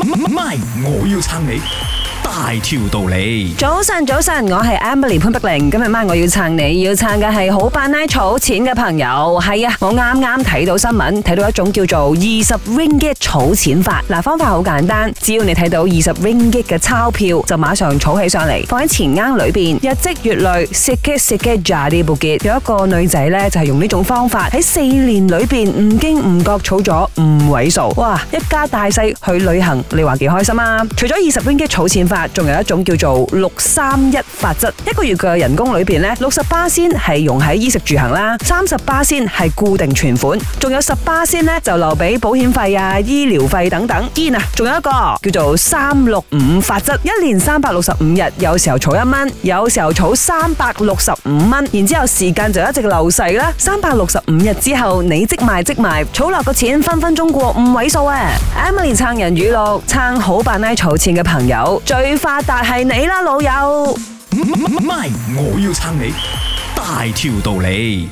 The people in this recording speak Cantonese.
賣，我要撐你。大條道理。早晨，早晨，我係 Emily 潘碧玲。今日晚我要撐你，要撐嘅係好扮拉儲錢嘅朋友。係啊，我啱啱睇到新聞，睇到一種叫做二十 ringgit 儲錢法。嗱、啊，方法好簡單，只要你睇到二十 ringgit 嘅鈔票，就馬上儲起上嚟，放喺錢罌裏邊。日積月累，食嘅食嘅，賺啲布杰。有一個女仔咧，就係、是、用呢種方法喺四年裏邊唔經唔覺儲咗五位數。哇，一家大細去旅行，你話幾開心啊！除咗二十 ringgit 儲錢法。仲有一種叫做六三一法則，一個月嘅人工裏邊呢，六十八仙係用喺衣食住行啦，三十八仙係固定存款還，仲有十八仙呢就留俾保險費啊、醫療費等等。然啊，仲有一個叫做三六五法則，一年三百六十五日，有時候儲一蚊，有時候儲三百六十五蚊，然之後時間就一直流逝啦。三百六十五日之後，你積埋積埋儲落個錢，分分鐘過五位數啊！Emily 撐人語錄，撐好扮奶儲錢嘅朋友最。發達係你啦，老友！唔係，我要撐你，大條道理。